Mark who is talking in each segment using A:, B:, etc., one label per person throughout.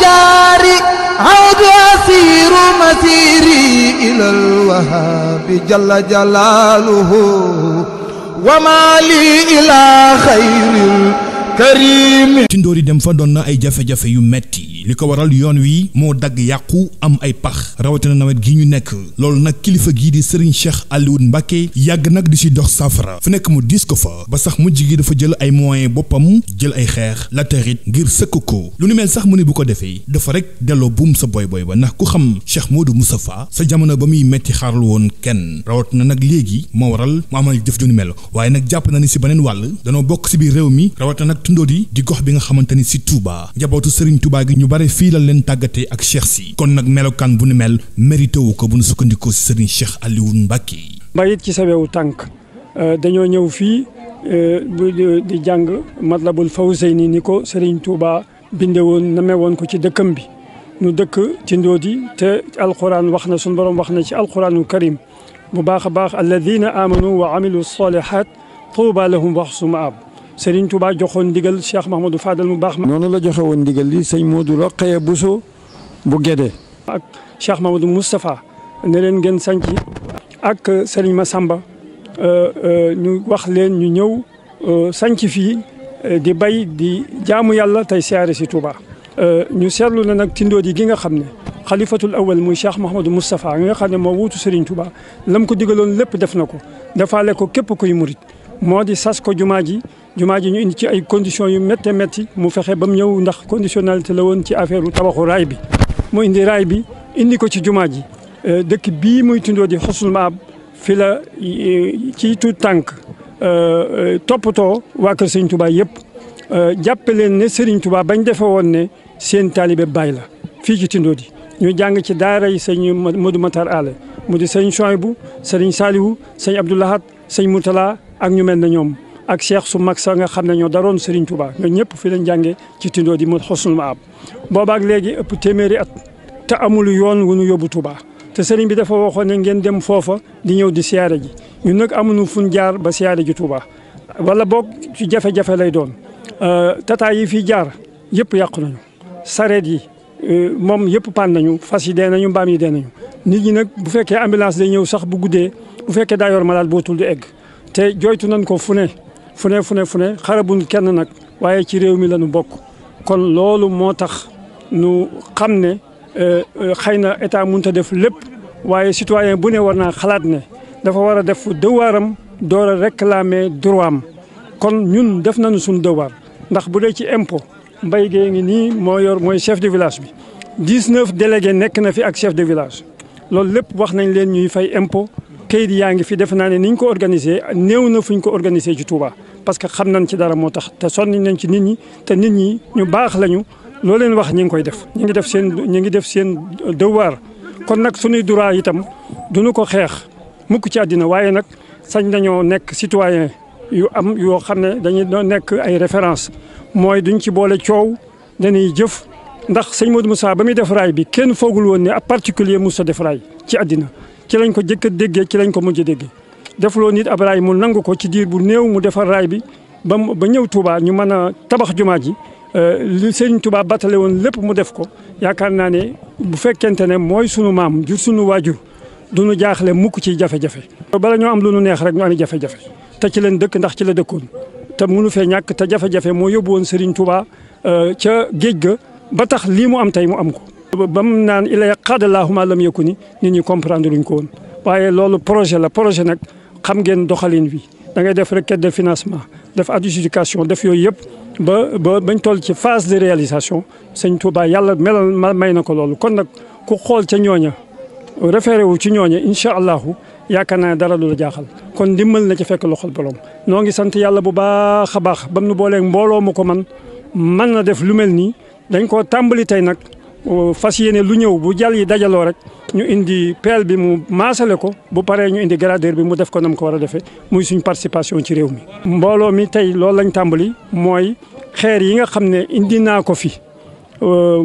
A: الأحجار عود أسير مسيري إلى
B: الوهاب جل جلاله وما لي إلى خير karim ci yi dem fa doon na ay jafe-jafe yu metti li ko waral yoon wi moo dagg yàqu am ay pax rawatina nawet gi ñu nekk loolu nag kilifa gii di Serigne Cheikh Alioune Mbacke yàgg nag di si dox saafara fu nekk mu diis ko fa ba sax mujj gi dafa jël ay moyens boppam jël ay xeex latérite ngir sëkk ko lu nu mel sax mu ne bu ko defee dafa rek delloo buum sa booy boy ba ndax ku xam Cheikh Modou Moustapha sa jamono ba muy metti xaarlu woon kenn rawatina nag léegi moo waral mu amal jëf ju ni waaye nag jàpp na ni si beneen wàll danoo bokk si biir réew mi Fatou Ndodi di gox bi nga xamante ni si Touba njabootu Serigne Touba gi ñu bare fii la leen tàggatee ak Cheikh si kon nag melokaan bu nu mel mérité wu ko bu nu sukkandikoo si Serigne Cheikh Alioune Mbacké.
C: mbayit ci sa wewu tànk euh, dañoo ñëw fii euh, di jàng Matlabul Fawzayni ni ko sëriñ Touba binde woon name woon ko ci dëkkam bi nu dëkk ci Ndodi te alquran wax na su borom wax na ci alquranul karim bu baax a baax alladina amanu wa amilu salihat tuuba lahum wax su maab Serigne Touba joxoon ndigal Cheikh Mahamadou Fadal mu baax. noonu la joxe woon ndigal li sëñ Modou Rokhaya Bousso bu Gédé. ak Cheikh Mahamadou Moustapha ne leen ngeen sanc ak Serigne Massamba euh, euh, ñu wax leen ñu ñëw euh, sanc fii di bay di jaamu yàlla tey siyaare si Touba. ñu seetlu na nag tindoodi gi nga xam ne xalifatul awal muy Cheikh Mahamadou mustafa nga xam ne moo wuutu Serigne Touba lam ko digaloon lépp def na ko defaale ko képp kuy murit moo di sas ko jumaa jumaa ji ñu indi ci ay conditions yu méttee métti mu fexe ba mu ñëw ndax conditionnalité la woon ci affaire tabaxu raay bi mu indi raay bi indi ko ci jumaa ji euh, dëkk bii muy tundoo di Husnul Maab la euh, ci tuut tànk euh, toppatoo waa sëñ tubaay Touba yëpp jàppe leen ne Serigne Touba bañ defe woon ne seen taalibe baay la fii ci tundoo di ñu jàng ci daara yi sëñ Modou Matar Allé mu di sëñ bu sëriñ Saliou sëñ Abdoulahat sëñ Moutala ak ñu mel na ñoom ak cheikh su mag sa nga xam ne ñoo daroon Serigne Touba ñoo ñëpp fi lañ jàngee ci Tindoo di mu xosnul ma ab boobaak léegi ëpp téeméeri at te amul yoon wu ñu yóbbu Touba te Serigne bi dafa waxoon ne ngeen dem foofa di ñëw di siyaare ji ñun nag amuñu fuñ jaar ba siyaare ji Touba wala boog ci jafe-jafe lay doon euh, tata yi fii jaar yëpp yàqu nañu sareet yi euh, moom yëpp pan nañu fas yi dee nañu mbaam yi dee nañu nit ñi nag bu fekkee ambulance day ñëw sax bu guddee bu fekkee daa yor malade bootul du egg te jooytu nañ ko fu ne fu ne fu ne fu ne xarabun kenn nag waaye ci réew mi la bokk kon loolu moo tax nu xam ne euh, euh, xëy na état mënut a def lépp waaye citoyen bu ne war naa xalaat ne dafa war a def dëwaaram door a réclamer droit am kon ñun def nañu suñu dëwaar ndax bu dee ci impôt mbay gee ngi nii moo yor mooy chef de village bi 19 délégué nekk na fi ak chef de village loolu lépp wax nañ leen ñuy fay impôt kayit yaa ngi fi def naa ne ni ñu ko organisé néew na fu ñu ko organisé ci Touba parce que xam nañ ci dara moo tax te sonn nañ ci nit ñi te nit ñi ñu baax lañu loo leen wax ñu ngi koy def ñu ngi def seen ñu ngi def seen devoir kon nag suñuy droit itam duñu ko xeex mukk ci àddina waaye nag sañ nañoo nekk citoyen yu am yoo xam ne dañuy nekk ay référence mooy duñ ci boole coow dañuy jëf ndax sëñ Modou Moussa ba muy defaraay bi kenn foogul woon ne ab particulier Moussa def ci àddina ci lañ ko jëkk a déggee ci lañ ko mujj déggee defuloo nit ab raay mu nangu ko ci diir bu néew mu defar raay bi ba mu ba ñëw Touba ñu mën a tabax jumaa ji euh, li Sëriñ Touba battale woon lépp mu def ko yaakaar naa ne bu fekkente ne mooy sunu maam jur sunu waajur du nu jaaxle mukk ci jafe-jafe. bala ñoo am lu nu neex rek ñu ani jafe-jafe te ci leen dëkk ndax ci la dëkkoon te munu fee ñàkk te jafe-jafe moo yóbbu woon Sëriñ Touba euh, ca géej ga ba tax lii mu am tey mu am ko. ba mu naan ilaa qaadalaahu maa lam yakuni nit ñi comprendre luñ ko waaye loolu projet la projet nag xam ngeen doxalin bi da ngay def requête de financement def adjudication def yooyu yëpp ba ba bañ toll ci phase de réalisation sëñ Touba yàlla melal may na ko loolu kon nag ku xool ca ñooña référé wu ci ñooña incha allahu yaakaar naa dara du la jaaxal kon ndimbal na ci fekk loxol borom noo ngi sant yàlla bu baax a baax bam nu booleeg mbooloo ko man na def lu mel nii dañ koo tàmbali tey nag fas yéene lu ñëw bu jal yi dajaloo rek ñu indi peel bi mu maasale ko bu paree ñu indi gradeur bi mu def ko nam ko war a defee muy suñu participation ci réew mi. mbooloo mi tey loolu lañ tàmbali mooy xeer yi nga xam ne indi naa ko fi euh,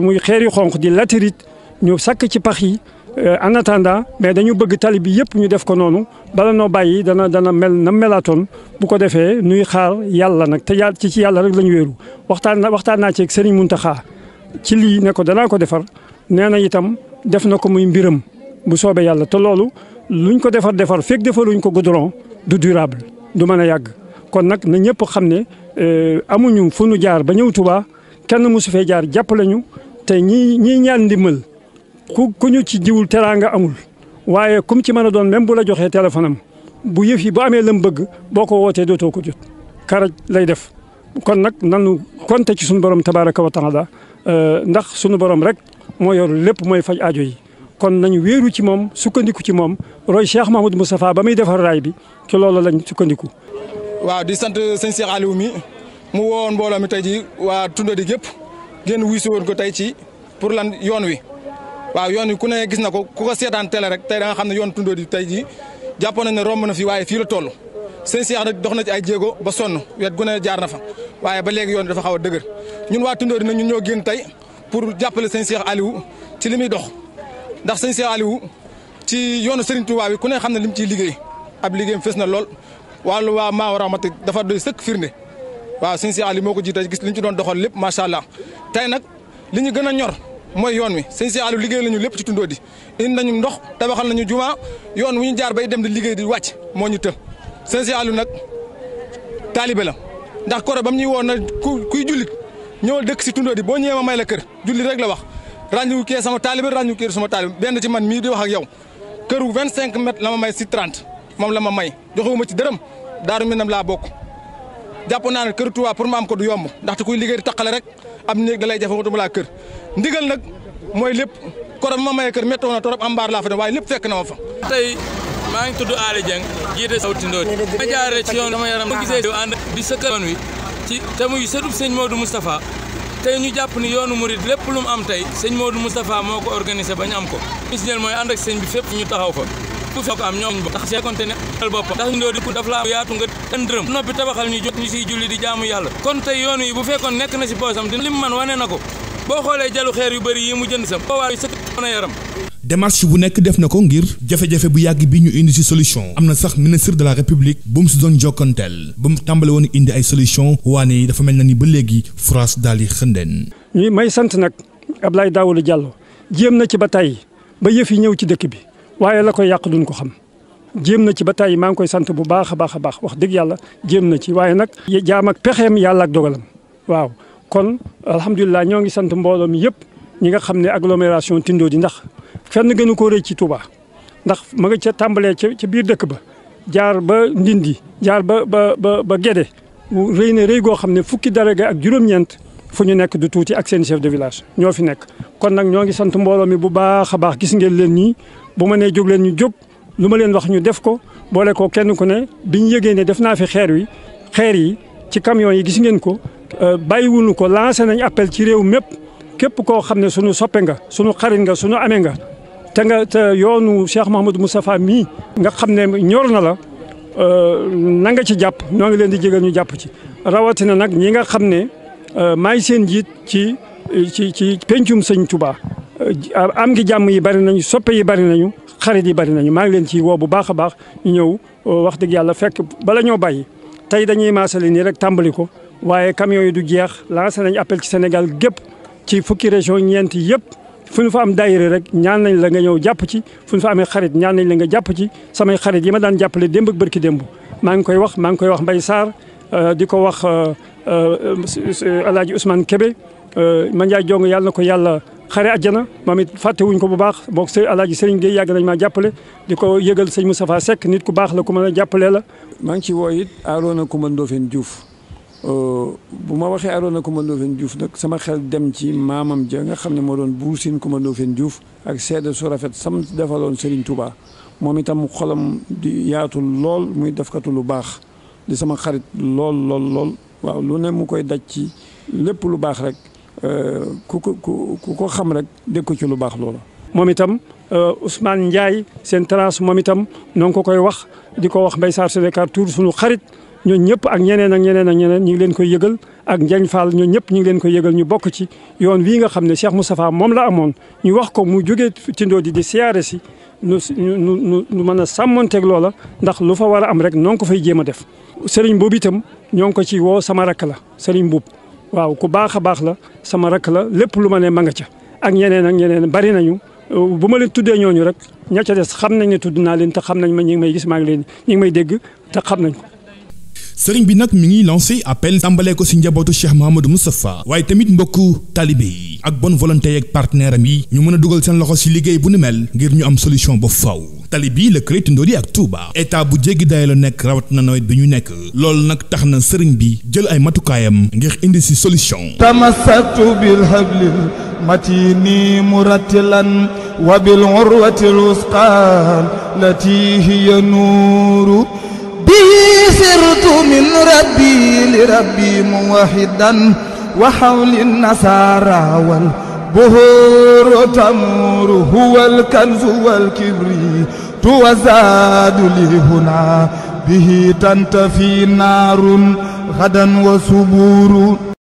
C: muy xeer yu xonq di latérite ñu sakk ci pax yi. Euh, en attendant mais dañu bëgg tali bi yëpp ñu def ko noonu bala noo bàyyi dana dana mel na melatoon bu ko defee nuy xaar yàlla nag te yàlla ci ci yàlla rek la ñu wéeru waxtaan waxtaan naa ci ak Serigne xaar ci lii ne ko danaa ko defar nee na itam def na ko muy mbiram bu soobee yàlla te loolu luñ ko defar defar fekk defaruñ ko goudron du durable du mën a yàgg. kon nag na ñëpp xam ne euh, amuñu fu nu jaar ba ñëw tubaa kenn mosu fee jaar jàpp ñu te ñi ñiy ñaan ndimbal ku ku ñu ci jiwul nga amul waaye kum ci mën a doon même bu la joxee téléphone bu yëf yi bu amee lam bëgg boo ko wootee dootoo ko jot karaj lay def kon nag nanu konte ci suñu borom tabaaraka wa taala Euh, ndax sunu borom rek moo yor lépp mooy faj ajo yi kon nañ wéeru ci moom sukkandiku ci moom roy Cheikh Mahamadou Moustapha ba muy defar raay bi ci loolu lañ sukkandiku.
A: waaw di sant sëñ Cheikh Aliou mi mu wowoon mbooloo mi tey ji waa Tundadi gépp génn wuyu woon ko tey ci pour lan yoon wi waaw yoon wi ku ne gis na ko ku ko seetaan télé rek tey da nga xam ne yoon Tundadi tey ji jàppoon nañ ne romb na fi waaye fii la toll sëñ Cheikh nag dox na ci ay jéego ba sonn wet gu ne jaar na fa. waaye ba léegi yoon dafa xaw a dëgër ñun waa Tindori nag ñun ñoo génn tey pour jàppale sëñ Cheikh Aliou ci li muy dox ndax sëñ Cheikh Aliou ci yoonu Serigne Touba bi ku ne xam ne li ciy liggéey ab liggéeyam fës na lool wàllu waa Maawa Rahmati dafa doy sëkk firnde waaw sëñ Cheikh Aliou moo ko jiite gis li ci doon doxal lépp macha allah tey nag li ñu gën a ñor mooy yoon wi sëñ Cheikh Aliou liggéey lañu lépp ci Tindori indi nañu ndox tabaxal nañu juma yoon wi ñu jaar bay dem di liggéey di wàcc moo ñu të sëñ Cheikh Aliou nag taalibe la ndax koro ba mu ñuy woon na ku kuy jullit ñëwal dëkk si tundoo boo ñëwee ma may la kër jullit rek la wax ràññu kee sama taalibe ràññu kee sama taalibe benn ci man mii di wax ak yow këru 25 mètres la ma may si 30 moom la ma may joxewuma ci dërëm daaru minam laa bokk jàpp naa ne kër Touba pour ma ko du yomb ndaxte kuy liggéey taqale rek am néeg da lay jafe wutuma laa kër ndigal nag mooy lépp koro ma may kër méttoo na torop am mbaar laa fa dem waaye lépp fekk na ma fa maa ngi tudd Aly Dieng jiite saw Ndodi ma jaare ci yoon sama yaram gisee yow ànd di sëkkal yoon wi ci te muy sëtub sëñ Modou Moustapha tey ñu jàpp ni yoonu murid lépp lu mu am tey sëñ Modou Moustapha moo ko organisé ba ñu am ko ñu si mooy ànd ak sëñ bi fépp ñu taxaw fa ku fi am ñoom bo tax sekonte ne boppam ndax Ndodi ku daf laa yaatu nga ëndërëm noppi tabaxal ñu jot ñu siy julli di jaamu yàlla kon tey yoon yi bu fekkoon nekk na si poosam dina li mu man wane n ko boo xoolee jalu yu bëri yi mu jënd sam boo waar yu sëkk yaram
B: démarche bu nekk def na ko ngir jafe-jafe bu yàgg bi ñu indi si solution am na sax ministre de la république bu mu si doon jokkanteel ba mu tàmbale woon indi ay solution waane dafa mel na ni ba léegi France daal di xëndeen.
C: ñuy may sant nag Abdoulaye Daouda Diallo jéem na ci ba tey ba yëf ñëw ci dëkk bi waaye la ko yàq duñ ko xam. jéem na ci ba tàyyi maa ngi koy sant bu baax a baax a baax wax dëgg yàlla jéem na ci waaye nag. jaam ak pexeem yàlla ak dogalam waaw kon alhamdulilah ñoo ngi sant mbooloo mi yëpp ñi nga xam ne agglomération Tindodi ndax fenn gënu ko rëy ci Touba ndax ma nga ca tàmbalee ca ca biir dëkk ba jaar ba Ndindi jaar ba ba ba ba Guédé rëy na rëy goo xam ne fukki délégué ak juróom-ñeent fu ñu nekk du tuuti ak seen chef de village ñoo fi nekk. kon nag ñoo ngi sant mbooloo mi bu baax a baax gis ngeen leen nii bu ma nee jóg leen ñu jóg lu ma leen wax ñu def ko boole ko kenn ku ne bi ñu yëgee ne def naa fi xeer wi xeer yi ci camion yi gis ngeen ko euh, bàyyiwuñu ko lancé nañ appel ci réew mépp képp koo xam ne sunu soppe nga sunu xarit nga sunu amee nga. te nga yoonu Cheikh Mouhamadou Moustapha mii nga xam ne ñor na la euh, na nga ci jàpp ñoo ngi leen di jégal ñu jàpp ci rawatina nag ñi nga xam ne euh, maay seen njiit ci ci ci pencum sëñ Touba euh, am ngi jàmm yi bari nañu soppe yi bari nañu xarit yi bari nañu maa ngi leen ci woo bu baax a baax ñëw wax dëgg yàlla fekk bala ñoo bàyyi tey dañuy maasale nii rek tàmbali ko waaye camion yi du jeex lancé nañu appel ci Sénégal gépp ci fukki région ñeenti yëpp fu ñu fa am daayira rek ñaan nañ la nga ñëw jàpp ci fu ñu fa amee xarit ñaan nañ la nga jàpp ci samay xarit yi ma daan jàppale démb ak bërki démb maa ngi koy wax maa ngi koy wax Mbaye saar euh, di ko wax euh, euh, El Hadj kebe Kébé man jong yàlla na ko yàlla xare àjjana moom it wuñ ko bu baax boog së El Hadj Serigne Gueye yàgg nañ maa jàppale di ko yëgël sëñ Moustapha sekk nit ku baax la ku mën a jàppale la. maa ngi ci woo it Arona Coumba Ndofène Diouf Euh, bu ma waxee Arona Coumba Ndoffène Diouf nag sama xel dem ci maamam ja nga xam ne moo doon Buur Siin Coumba Ndoffène juuf ak seede su rafet sam defaloon Serigne Touba moom itam xolam di yaatu lool muy defkatu lu baax di sama xarit lool lool lool waaw lu ne mu koy daj ci lépp lu baax rek euh, ku ko ko xam rek dégg ko ci lu baax loola. moom itam euh, Ousmane Ndiaye seen trace moom itam noo ngi ko koy wax di ko wax Mbaye Sarr Sénégal tur suñu xarit. ñoo ñëpp ak ñeneen ak ñeneen ak ñeneen ñu ngi leen koy yëgal ak Njaañ Fall ñoo ñëpp ñu ngi leen koy yëgal ñu bokk ci yoon wii nga xam ne Cheikh Moustapha moom la amoon ñu wax ko mu jógee Tindodi di siyaare si nu nu nu mën a sàmmonteeg loola ndax lu fa war a am rek noo ngi ko fay jéem a def sëriñ boobu itam ñoo ngi ko ci woo sama rakk la sëriñ boobu waaw ko baax a baax la sama rakk la lépp lu ma ne ma nga ca ak ñeneen ak ñeneen bari nañu bu ma leen tuddee ñooñu rek ña ca des xam nañ ne tudd leen te xam nañ ma ñi may gis maa ngi leen ñi may dégg te xam nañ
B: sëriñ bi nag mi ngi lancé appel tàmbalee ko ci njabootu Cheikh Mouhamadou Moustapha waaye tamit mbokku taalibe yi ak bon volonté yeeg partenaire am yi ñu mën a dugal seen loxo ci liggéey bu nu mel ngir ñu am solution ba faw tali bi la Crédit Ndoli ak Touba état bu jéggi daay la nekk rawat na nawet bi ñu nekk loolu nag tax na sëriñ bi jël ay matukaayam ngir indi ci solution
A: tamassaktu bil hablil matini murattilan wa bil urwatil wusqa lati hiya nuuru bii sirtu min rabbi li rabbi muwahidan wa hawli nasara wal buhuru tamuru huwal kanzu wal kibritu wa zaadu li huna bihi tantafi naarun gadan wa suburu